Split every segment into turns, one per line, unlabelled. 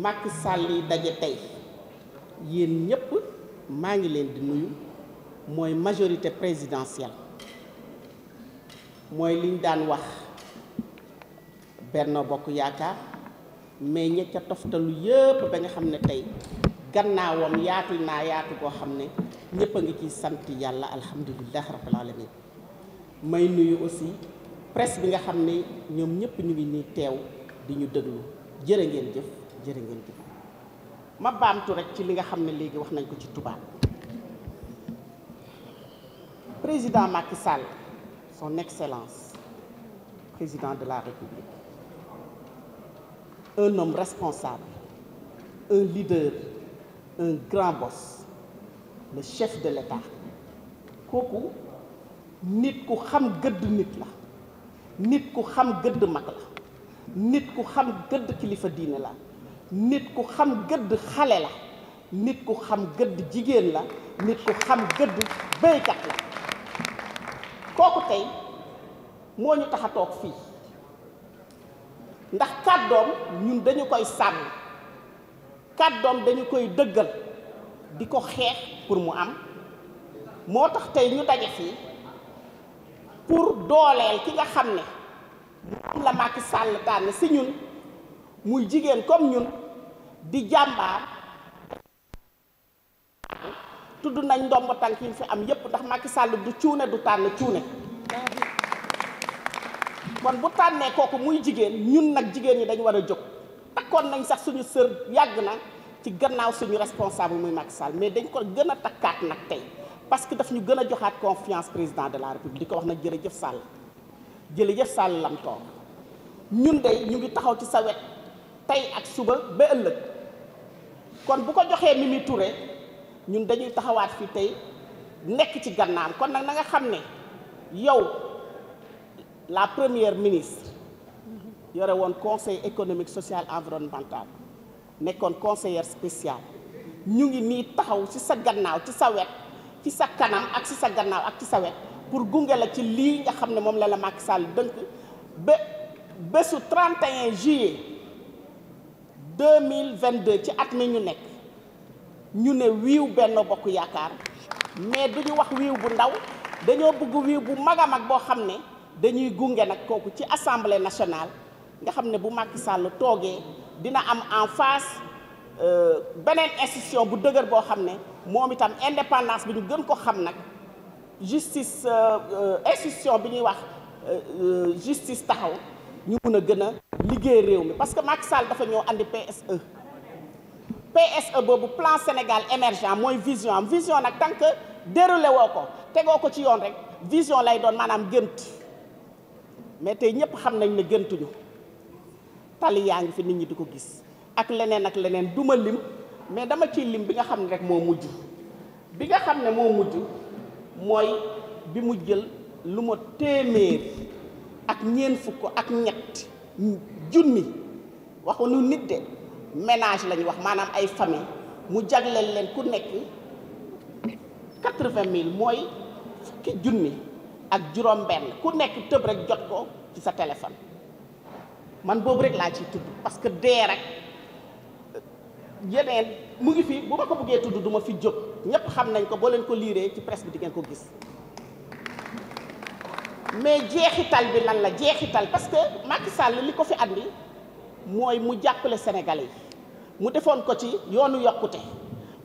Macky Sall yi daje tey yéen ñëpp maa ngi leen di nuyu mooy majorité présidentielle mooy liñ daan wax Benno Bokk Yaakaar mais ña ca toftalu yëpp ba nga xam ne tey gannaawam yaatu naa yaatu koo xam ne ñëpp a ngi ciy sant yàlla alhamdulilah rabbil alamin may nuyu aussi presse bi nga xam ne ñoom ñëpp ñu ngi nii teew di ñu déglu jërë ngeen jëf. jërë ngeen jëf ma baamtu rek ci li nga xam ne léegi wax nañ ko ci tubaab président Macky Sall son excellence président de la république un homme responsable un leader un grand boss le chef de l'État kooku nit ku xam gëdd nit la nit ku xam gëdd mag la nit ku xam gëdd kilifa diine la nit ku xam gëdd xale la nit ku xam gëdd jigéen la nit ku xam gëdd baykat la kooku tey moo ñu tax a toog fii ndax kàddoom ñun dañu koy sàmm kàddoom dañu koy dëggal di ko xeex pour mu am moo tax tey ñu daje fii pour dooleel ki nga xam ne moom la Macky Sall tànn si ñun muy jigéen comme ñun di jàmbaar tudd nañ ndomb tànk yi fi am yépp ndax Macky Sall du cuune du tànn cuune kon bu tànnee kooku muy jigéen ñun nag jigéen ñi dañ war a jóg takkoon nañ sax suñu sër yàgg na ci gannaaw suñu responsable muy Macky Sall mais dañ ko gën a takkaat nag tey parce que daf ñu gën a joxaat confiance président de la république di ko wax nag jërëjëf Sall jërëjëf sàll lam toog ñun de ñu ngi taxaw ci sa wet tey ak suba ba ëllëg kon bu ko joxee Mimi Touré ñun dañuy taxawaat fii tey nekk ci gannaam kon nag na nga xam ne yow la première ministre yore woon conseil économique social environnemental nekkoon conseillère spéciale ñu ngi nii taxaw ci sa gannaaw ci sa wet ci sa kanam ak ci sa gannaaw ak ci sa wet pour gunge la ci lii nga xam ne moom la la Macky Sall dënk ba bésu 31 juillet. deux mille vingt deux ci at mi ñu nekk ñu ne wiiw Benno Bokk Yaakaar mais bi ñu wax wiiw bu ndaw dañoo bëgg wiiw bu mag a mag boo xam ne dañuy gunge nag kooku ci assemblée nationale nga xam ne bu Macky sàll toogee dina am en face euh, beneen institution bu dëgër boo xam ne moom itam indépendance bi ñu gën ko xam nag justice euh, euh, institution bi ñuy wax justice taxaw. ñu mun a gën a liggéey réew mi parce que Macky Sall dafa ñoo andi PSE PSE boobu plan Sénégal émergent mooy vision am vision nag tant que déroulé woo ko tegoo ko ci yoon rek vision lay doon maanaam gént mais tey ñëpp xam nañ ne géntuñu tali yaa ngi fi nit ñi di ko gis ak leneen ak leneen duma lim mais dama ciy lim bi nga xam ne rek moo mujj bi nga xam ne moo mujj mooy bi mu jël lu ma téeméer ak ñeent fukk ak ñett junni waxuñu nit de ménage la wax maanaam ay famille mu jagleel leen ku nekk quatre-vingt mille mooy fukki junni ak juróom-benn ku nekk tëb rek jot ko ci sa téléphone man boobu rek laa ciy tudd parce que dee rek yeneen mu ngi fi bu ma ko bëggee tudd du ma fi jóg ñëpp xam nañ ko boo leen ko liiree ci presse bi di ngeen ko gis. mais jeexital bi nan la jeexital parce que Macky Sall li ko fi andi mooy mu jàppale Sénégalais yi mu defoon ko ci yoonu yokkute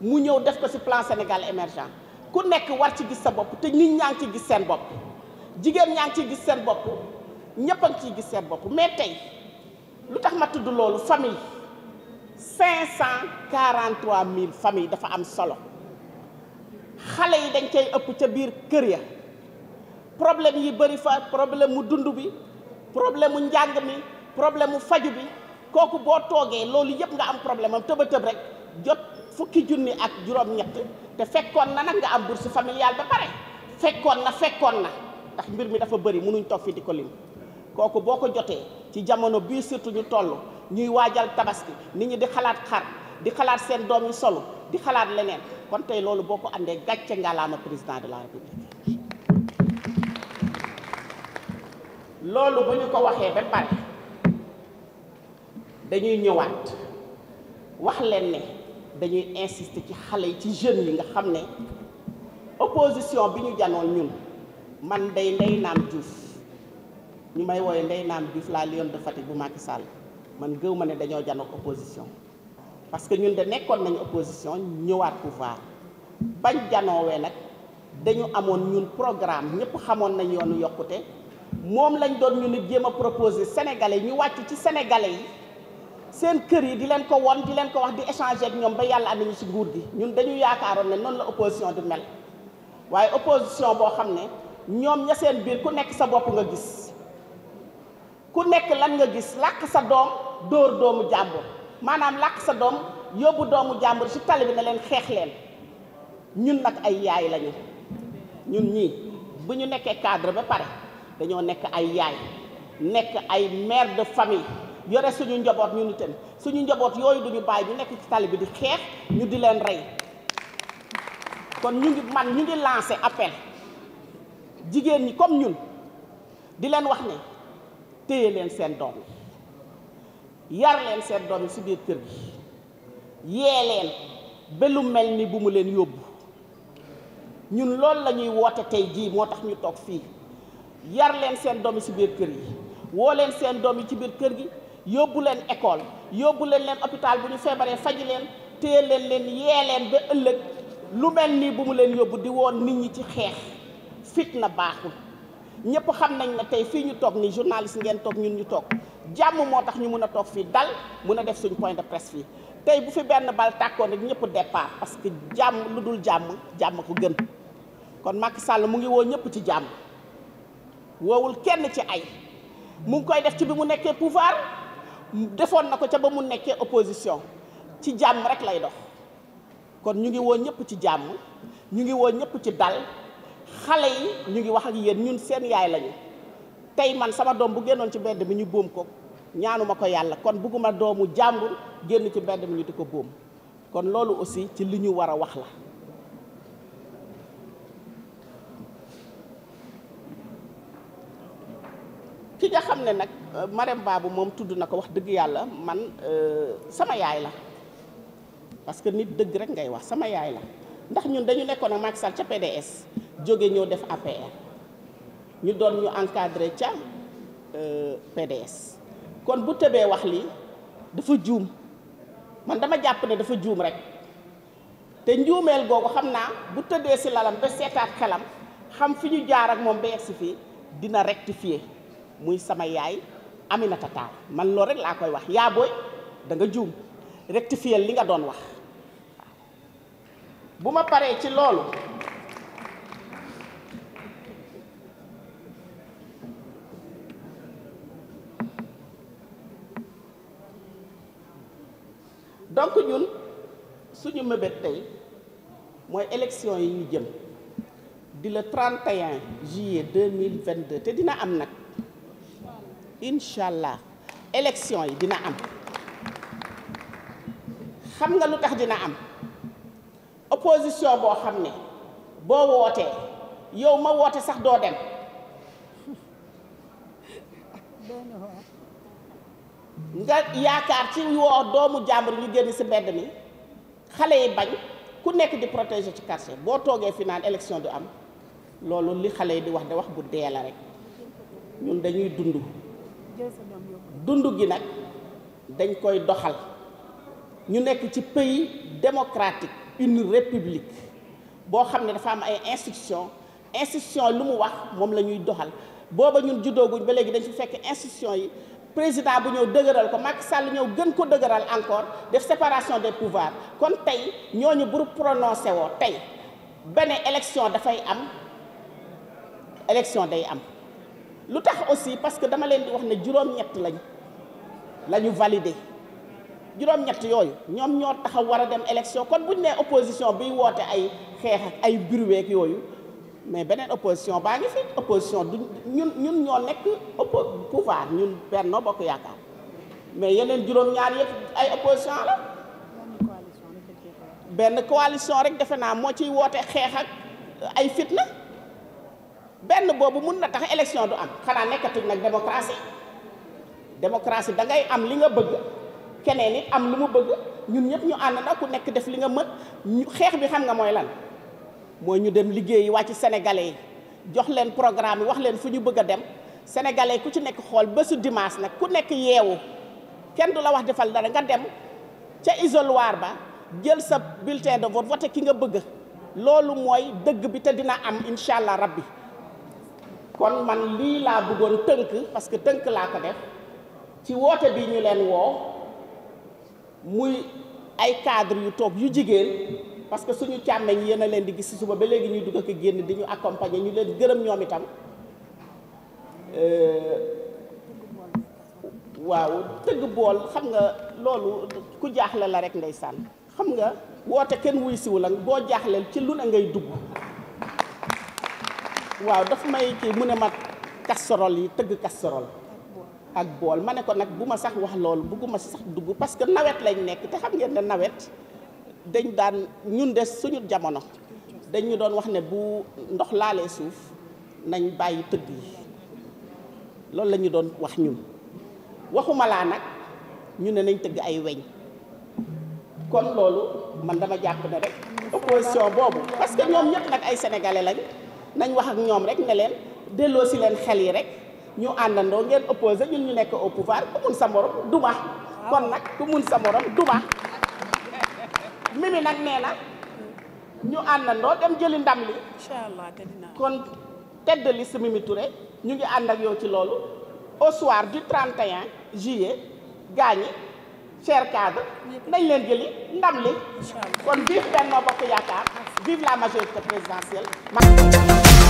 mu ñëw def ko ci plan Sénégal émergent ku nekk war ci gis sa bopp te nit ñaa ci gis seen bopp jigéen ñaa ngi ciy gis seen bopp ñëpp a ngi ciy gis seen bopp mais tey lu tax ma tudd loolu famille 543000 famille dafa am solo xale yi dañ cay ëpp ca biir kër ya. problème yi bëri fa problème mu dund bi problème mu njàng mi problème mu faju bi kooku boo toogee loolu yëpp nga am problème am tëba tëb rek jot fukki junni ak juróom-ñett te fekkoon na nag nga am bourse familiale ba pare fekkoon na fekkoon na ndax mbir mi dafa bëri mënuñ toog fi di ko lim kooku boo ko jotee ci jamono bii surtout ñu toll ñuy waajal tabaski nit ñi di xalaat xar di xalaat seen doom yi solo di xalaat leneen kon tey loolu boo ko àndee gàcce ngalaama président de la loolu ba ñu ko waxee ba pare dañuy ñëwaat wax leen ne dañuy insister ci xale yi ci jeunes yi nga xam ne opposition bi ñu janoon ñun man day Ndeye Name Diouf ñu may wooye Ndeye Name Diouf la Lionne de Fatick bu Macky Sall man gëw ma ne dañoo janook opposition parce que ñun da nekkoon nañu opposition ñëwaat pouvoir bañ janoowee nag dañu amoon ñun programme ñëpp xamoon nañ yoonu yokkute moom lañ doon ñu nit jéem a proposer sénégalais ñu wàcc ci sénégalais yi seen kër yi di leen ko won di leen ko wax di échanger ak ñoom ba yàlla am nañu ci nguur gi ñun dañu yaakaaroon ne noonu la opposition di mel waaye opposition boo xam ne ñoom ña seen biir ku nekk sa bopp nga gis ku nekk lan nga gis làkk sa doom dóor doomu jàmbur maanaam làkk sa doom yóbbu doomu jàmbur ci tali bi na leen xeex leen ñun nag ay yaay lañu ñun ñii bu ñu nekkee cadre ba pare dañoo nekk ay yaay nekk ay mère de famille yore suñu njaboot ñu nitam suñu njaboot yooyu duñu bàyyi ñu nekk ci tali bi di xeex ñu di leen rey kon ñu ngi man ñu ngi lancé appel jigéen ñi comme ñun di leen wax ne téye leen seen doom yar leen seen doom yi si biir kër gi yee leen ba mel ni bu mu leen yóbbu ñun loolu lañuy ñuy woote tey jii moo tax ñu toog fii yar leen seen doom yi ci biir kër yi woo leen seen doom yi ci biir kër gi yóbbu leen école yóbbu leen leen hôpital bu ñu feebaree faji leen téye leen leen yee leen ba ëllëg lu mel nii bu mu leen yóbbu di woon nit ñi ci xeex fit fitna baaxul ñëpp xam nañ ne tey fii ñu toog nii journaliste ngeen toog ñun ñu toog jàmm moo tax ñu mun a toog fii dal mun a def suñ point de presse fii tey bu fi benn bal tàkkoon rek ñëpp départ parce que jàmm lu dul jàmm jàmm ko gën kon Macky Sall mu ngi woo ñëpp ci jàmm woowul kenn ci ay mu ngi koy def ci bi mu nekkee pouvoir defoon na ko ca ba mu nekkee opposition ci jàmm rek lay dox kon ñu ngi woo ñëpp ci jàmm ñu ngi woo ñëpp ci dal xale yi ñu ngi wax ak yéen ñun seen yaay lañu tey man sama doom bu génnoon ci mbedd mi ñu boom ko ñaanuma ko yàlla kon bëgguma doomu jàmbur génn ci mbedd mi ñu di ko boom kon loolu aussi ci li ñu war a wax la ci nga xam ne nag euh, Marème baabu moom tudd na ko wax dëgg yàlla man euh, sama yaay la parce que nit dëgg rek ngay wax sama yaay la ndax ñun dañu nekkoon ak mag Sall ca PDS jóge ñoo def APR ñu doon ñu encadré ca euh, PDS kon bu tëbee wax li dafa juum man dama jàpp ne dafa juum rek te njuumeel googu xam naa bu tëbee si lalam ba seetaat xelam xam fi ñu jaar ak moom ba yegsi fii dina rectifier muy sama yaay Aminata Tall man loolu rek laa koy wax yaa booy da nga juum rectifier li nga doon wax bu ma paree ci loolu donc ñun suñu mébét tey mooy élection yi ñu jëm di le 31 juillet 2022 te dina am nag incha allah élection yi dina am xam nga lu tax dina am opposition boo xam ne boo wootee yow ma woote sax doo dem nga yaakaar ci woo doomu jàmbur ñu génn si mbedd mi xale yi bañ ku nekk di protéger ci quartier boo toogee fi naan élection du am loolu li xale yi di wax de wax bu dee rek ñun dañuy dund dund gi nag dañ koy doxal ñu nekk ci pays démocratique une république boo xam ne dafa am ay institution institution lu mu wax moom la ñuy doxal booba ñun juddooguñ ba léegi dañ fi fekk institution yi président bu ñëw dëgëral ko Macky Sall ñëw gën ko dëgëral encore def séparation des pouvoirs kon tey ñu bu prononcé woo tey benn élection dafay am élection day am lu tax aussi parce que dama leen di wax na juróom-ñett lañ la ñu validé juróom-ñett yooyu ñoom ñoo taxaw war a dem élection kon buñ ne opposition biy woote ay xeex ak ay bureweek yooyu mais beneen opposition baa ngi fi opposition du ñun ñun ñoo nekk oppo pouvoir ñun Benno Bokk Yaakaar mais yeneen juróom-ñaar yëpp ay opposition la benn coalition rek defe naa moo ciy woote xeex ak ay fitna benn boobu mun na tax élection du am xanaa nekkatul nag démocratie démocratie da ngay am li nga bëgg keneen it am lu mu bëgg ñun ñëpp ñu ànd na ku nekk def li nga mën ñu xeex bi xam nga mooy lan mooy ñu dem liggéeyi wàcc sénégalais yi jox leen programme yi wax leen fu ñu bëgg a dem sénégalais ku ci nekk xool bésu dimaas nag ku nekk yeewu kenn du la wax defal dara nga dem ca isoloir ba jël sa bulletin de vote voté ki nga bëgg loolu mooy dëgg bi te dina am incha allah rabbi kon man lii laa bëggoon tënk parce que tënk laa ko def ci woote bii ñu leen woo muy ay cadre yu toog yu jigéen parce que suñu càmmeñ yéen a leen di gis si suba ba léegi ñuy dugg ak génn di ñu accompagner ñu leen gërëm ñoom itam euh, waaw tëgg bool xam nga loolu ku jaaxle la rek ndeysaan xam nga woote kenn wuy la boo jaaxleel ci lu ne ngay dugg waaw daf may kii mu ne ma casserole yi tëgg casserole ak bool ma ne ko nag bu ma sax wax loolu bugguma sax dugg parce que nawet lañ nekk te xam ngeen ne nawet dañ daan ñun des suñu jamono dañ doon wax ne bu ndox laalee suuf nañ bàyyi tëgg yi loolu lañu doon wax ñun waxuma laa nag ñu ne nañ tëgg ay weñ kon loolu man dama jàpp ne rek opposition boobu parce que ñoom ñëpp nag ay sénégalais lañ nañ wax ak ñoom rek ne leen delloo si leen xel yi rek ñu àndandoo ngeen opposé ñun ñu nekk au pouvoir ku mun sa morom duma kon nag ku mun sa morom duma mimi nag nee na ñu àndandoo dem jëli ndam li inchallah kon tëddali de Mimi Touré ñu ngi ànd ak yow ci loolu au soir du 31 juillet gaañi cher cadre nañ leen jëli ndam li kon vive Benno Bokk Yaakaar vive la majorité présidentielle